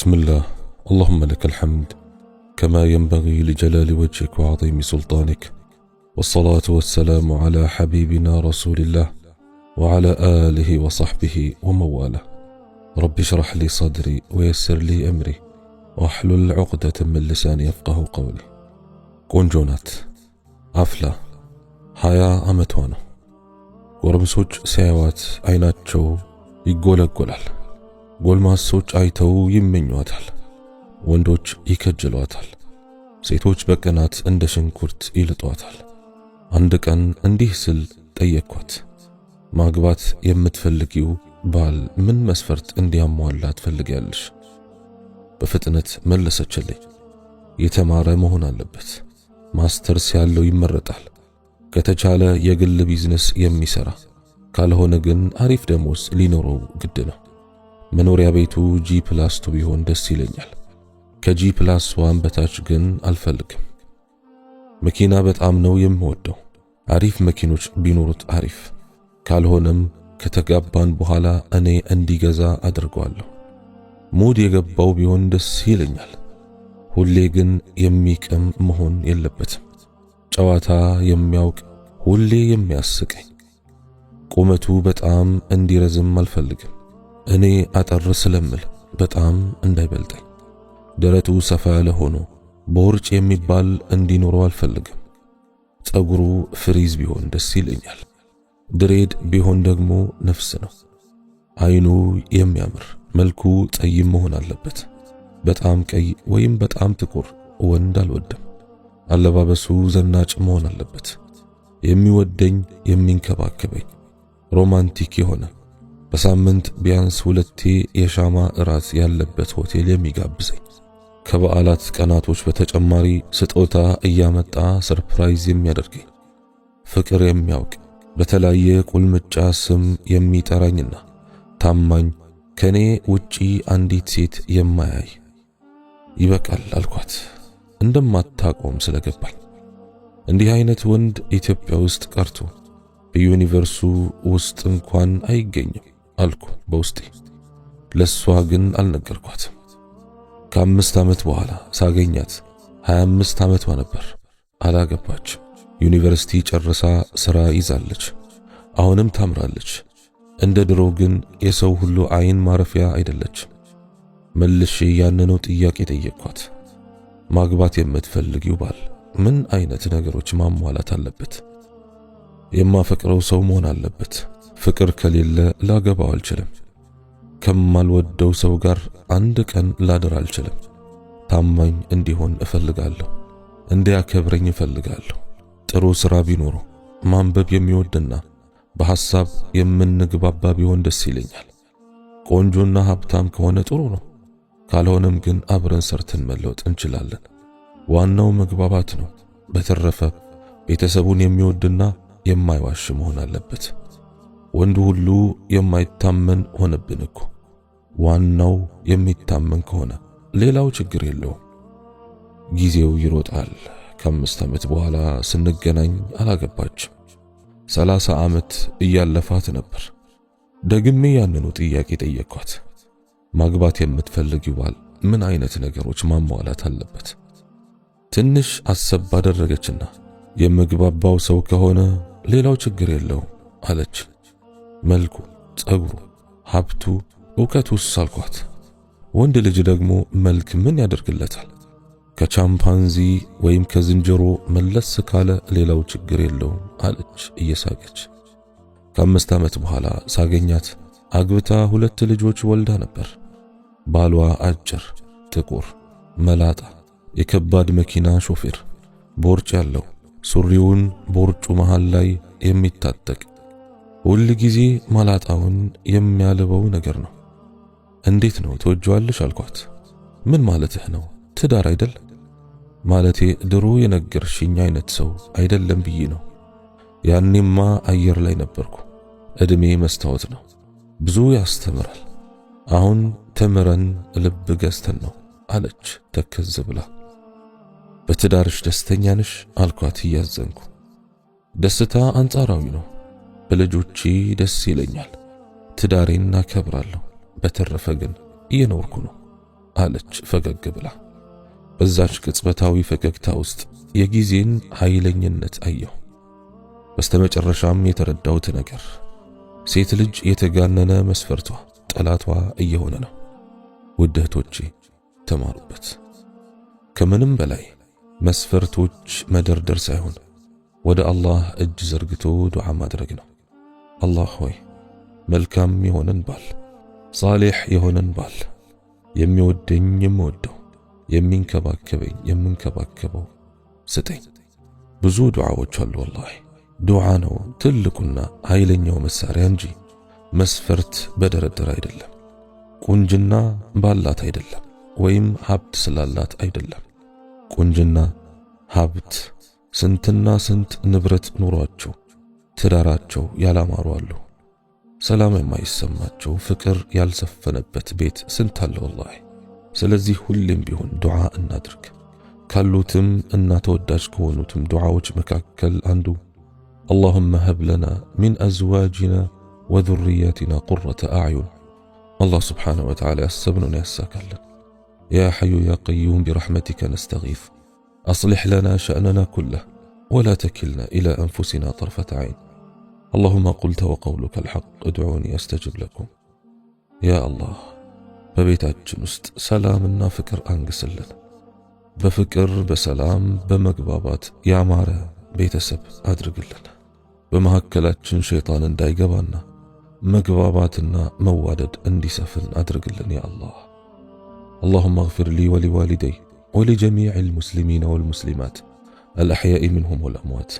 بسم الله اللهم لك الحمد كما ينبغي لجلال وجهك وعظيم سلطانك والصلاه والسلام على حبيبنا رسول الله وعلى اله وصحبه ومواله رب اشرح لي صدري ويسر لي امري واحلل عقده من لساني يفقه قولي افلا አፍላ امتوانو ورمسوج سيوات ጎረምሶች شو يقولك قولال ጎልማሶች አይተው ይመኟታል፣ ወንዶች ይከጅሏታል፣ ሴቶች በቀናት እንደ ሽንኩርት ይልጧታል። አንድ ቀን እንዲህ ስል ጠየቅኳት፣ ማግባት የምትፈልጊው ባል ምን መስፈርት እንዲያሟላ ትፈልጊያለሽ? በፍጥነት መለሰችልኝ። የተማረ መሆን አለበት፣ ማስተርስ ያለው ይመረጣል፣ ከተቻለ የግል ቢዝነስ የሚሰራ ካልሆነ ግን አሪፍ ደሞዝ ሊኖረው ግድ ነው። መኖሪያ ቤቱ ጂ ፕላስ ቱ ቢሆን ደስ ይለኛል። ከጂ ፕላስ ዋን በታች ግን አልፈልግም። መኪና በጣም ነው የምወደው። አሪፍ መኪኖች ቢኖሩት አሪፍ፣ ካልሆነም ከተጋባን በኋላ እኔ እንዲገዛ አድርገዋለሁ። ሙድ የገባው ቢሆን ደስ ይለኛል። ሁሌ ግን የሚቅም መሆን የለበትም። ጨዋታ የሚያውቅ ሁሌ የሚያስቀኝ ቁመቱ በጣም እንዲረዝም አልፈልግም። እኔ አጠር ስለምል በጣም እንዳይበልጠኝ ደረቱ ሰፋ ያለ ሆኖ ቦርጭ የሚባል እንዲኖረው አልፈልግም። ጸጉሩ ፍሪዝ ቢሆን ደስ ይለኛል። ድሬድ ቢሆን ደግሞ ነፍስ ነው። አይኑ የሚያምር መልኩ ጠይም መሆን አለበት። በጣም ቀይ ወይም በጣም ጥቁር ወንድ አልወድም። አለባበሱ ዘናጭ መሆን አለበት። የሚወደኝ የሚንከባከበኝ ሮማንቲክ የሆነ በሳምንት ቢያንስ ሁለቴ የሻማ እራት ያለበት ሆቴል የሚጋብዘኝ ከበዓላት ቀናቶች በተጨማሪ ስጦታ እያመጣ ሰርፕራይዝ የሚያደርገኝ ፍቅር የሚያውቅ በተለያየ ቁልምጫ ስም የሚጠራኝና ታማኝ ከኔ ውጪ አንዲት ሴት የማያይ ይበቃል አልኳት። እንደማታቆም ስለገባኝ እንዲህ አይነት ወንድ ኢትዮጵያ ውስጥ ቀርቶ በዩኒቨርሱ ውስጥ እንኳን አይገኝም። አልኩ በውስጤ። ለሷ ግን አልነገርኳት። ከአምስት ዓመት በኋላ ሳገኛት 25 ዓመቷ ነበር። አላገባች። ዩኒቨርሲቲ ጨርሳ ሥራ ይዛለች። አሁንም ታምራለች። እንደ ድሮ ግን የሰው ሁሉ አይን ማረፊያ አይደለች። መልሼ ያንኑ ጥያቄ ጠየቅኳት። ማግባት የምትፈልጊው ባል ምን አይነት ነገሮች ማሟላት አለበት? የማፈቅረው ሰው መሆን አለበት ፍቅር ከሌለ ላገባው አልችልም። ከማልወደው ሰው ጋር አንድ ቀን ላድር አልችልም። ታማኝ እንዲሆን እፈልጋለሁ። እንዲያከብረኝ እፈልጋለሁ። ጥሩ ሥራ ቢኖረው ማንበብ የሚወድና በሐሳብ የምንግባባ ቢሆን ደስ ይለኛል። ቆንጆና ሀብታም ከሆነ ጥሩ ነው። ካልሆነም ግን አብረን ሰርተን መለወጥ እንችላለን። ዋናው መግባባት ነው። በተረፈ ቤተሰቡን የሚወድና የማይዋሽ መሆን አለበት። ወንዱ ሁሉ የማይታመን ሆነብን እኮ። ዋናው የሚታመን ከሆነ ሌላው ችግር የለውም። ጊዜው ይሮጣል። ከአምስት ዓመት በኋላ ስንገናኝ አላገባችም። ሰላሳ ዓመት እያለፋት ነበር። ደግሜ ያንኑ ጥያቄ ጠየቅኳት። ማግባት የምትፈልግ ይባል ምን አይነት ነገሮች ማሟላት አለበት? ትንሽ አሰብ አደረገችና የምግባባው ሰው ከሆነ ሌላው ችግር የለውም አለች። መልኩ፣ ጸጉሩ፣ ሀብቱ፣ እውቀቱስ አልኳት። ወንድ ልጅ ደግሞ መልክ ምን ያደርግለታል? ከቻምፓንዚ ወይም ከዝንጀሮ መለስ ካለ ሌላው ችግር የለውም አለች እየሳቀች። ከአምስት ዓመት በኋላ ሳገኛት አግብታ ሁለት ልጆች ወልዳ ነበር። ባሏ አጭር፣ ጥቁር፣ መላጣ፣ የከባድ መኪና ሾፌር፣ ቦርጭ ያለው ሱሪውን ቦርጩ መሃል ላይ የሚታጠቅ ሁል ጊዜ ማላጣውን የሚያልበው ነገር ነው። እንዴት ነው ትወጂዋለሽ? አልኳት። ምን ማለትህ ነው? ትዳር አይደል? ማለቴ ድሮ የነገርሽኝ አይነት ሰው አይደለም ብዬ ነው። ያኔማ አየር ላይ ነበርኩ። እድሜ መስታወት ነው፣ ብዙ ያስተምራል። አሁን ተምረን ልብ ገዝተን ነው አለች ተከዝ ብላ። በትዳርሽ ደስተኛ ነሽ? አልኳት እያዘንኩ። ደስታ አንጻራዊ ነው በልጆቼ ደስ ይለኛል፣ ትዳሬን አከብራለሁ። በተረፈ ግን እየኖርኩ ነው አለች ፈገግ ብላ። በዛች ቅጽበታዊ ፈገግታ ውስጥ የጊዜን ኃይለኝነት አየሁ። በስተመጨረሻም የተረዳሁት ነገር ሴት ልጅ የተጋነነ መስፈርቷ ጠላቷ እየሆነ ነው። ውድ እህቶቼ ተማሩበት። ከምንም በላይ መስፈርቶች መደርደር ሳይሆን ወደ አላህ እጅ ዘርግቶ ዱዓ ማድረግ ነው። አላህ ሆይ መልካም የሆነን ባል ሳሌሕ የሆነን ባል የሚወደኝ የምወደው የሚንከባከበኝ የምንከባከበው ስጠኝ። ብዙ ዱዓዎች አሉ። ወላሂ ዱዓ ነው ትልቁና ኃይለኛው መሳሪያ እንጂ መስፈርት በደረደር አይደለም። ቁንጅና ባላት አይደለም፣ ወይም ሀብት ስላላት አይደለም። ቁንጅና፣ ሀብት፣ ስንትና ስንት ንብረት ኑሯቸው ትዳራቸው ያላማሩ አሉ። ሰላም የማይሰማቸው ፍቅር ያልሰፈነበት ቤት ስንት አለ ወላሂ። ስለዚህ ሁሌም ቢሆን ዱዓ እናድርግ። ካሉትም እና ተወዳጅ ከሆኑትም ዱዓዎች መካከል አንዱ አላሁመ ሀብ ለና ሚን አዝዋጅና ወዙርያቲና ቁረተ አዕዩን። አላህ ስብሓነሁ ወተዓላ ያሰብነውን ያሳካለን። ያ ሐዩ ያ ቀዩም ቢረሕመቲከ ነስተጊፍ አስሊሕ ለና ሸእነና ኩለህ ወላ ተኪልና ኢላ አንፉሲና ጠርፈተ ዐይን اللهم قلت وقولك الحق ادعوني استجب لكم يا الله ببيت اجنست سلام فكر انقسلت بفكر بسلام بمقبابات يا مارة بيتسب ادرقلت بمهكلاتشن شيطان انداي قبانا مقباباتنا موادد اندي سفن ادرقلن يا الله اللهم اغفر لي ولوالدي ولجميع المسلمين والمسلمات الاحياء منهم والاموات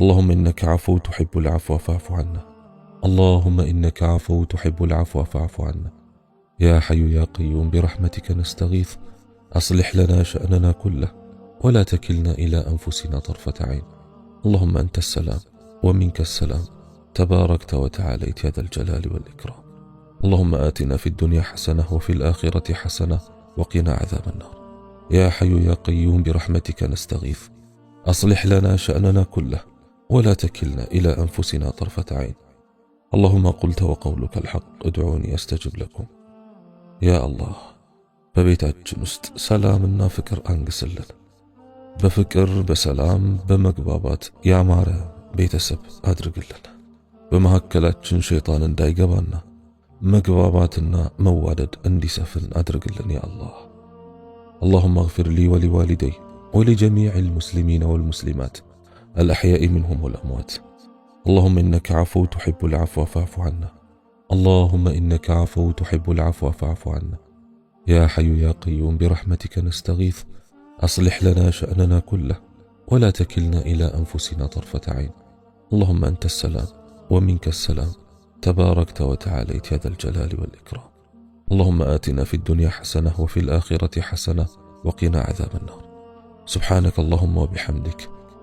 اللهم إنك عفو تحب العفو فاعف عنا اللهم إنك عفو تحب العفو فاعف عنا يا حي يا قيوم برحمتك نستغيث أصلح لنا شأننا كله ولا تكلنا إلى أنفسنا طرفة عين اللهم أنت السلام ومنك السلام تباركت وتعاليت يا ذا الجلال والإكرام اللهم آتنا في الدنيا حسنة وفي الآخرة حسنة وقنا عذاب النار يا حي يا قيوم برحمتك نستغيث أصلح لنا شأننا كله ولا تكلنا الى انفسنا طرفه عين اللهم قلت وقولك الحق ادعوني استجب لكم يا الله ببيت جنست سلام فكر انقسلن بفكر بسلام بمقبابات يا مارة بيتسب ادرقلن بمهكلاتشن شيطان دايقبانا مقباباتنا موادد اندي سفن ادرقلن يا الله اللهم اغفر لي ولوالدي ولجميع المسلمين والمسلمات الأحياء منهم والأموات اللهم إنك عفو تحب العفو فاعف عنا اللهم إنك عفو تحب العفو فاعف عنا يا حي يا قيوم برحمتك نستغيث أصلح لنا شأننا كله ولا تكلنا إلى أنفسنا طرفة عين اللهم أنت السلام ومنك السلام تباركت وتعاليت يا ذا الجلال والإكرام اللهم آتنا في الدنيا حسنة وفي الآخرة حسنة وقنا عذاب النار سبحانك اللهم وبحمدك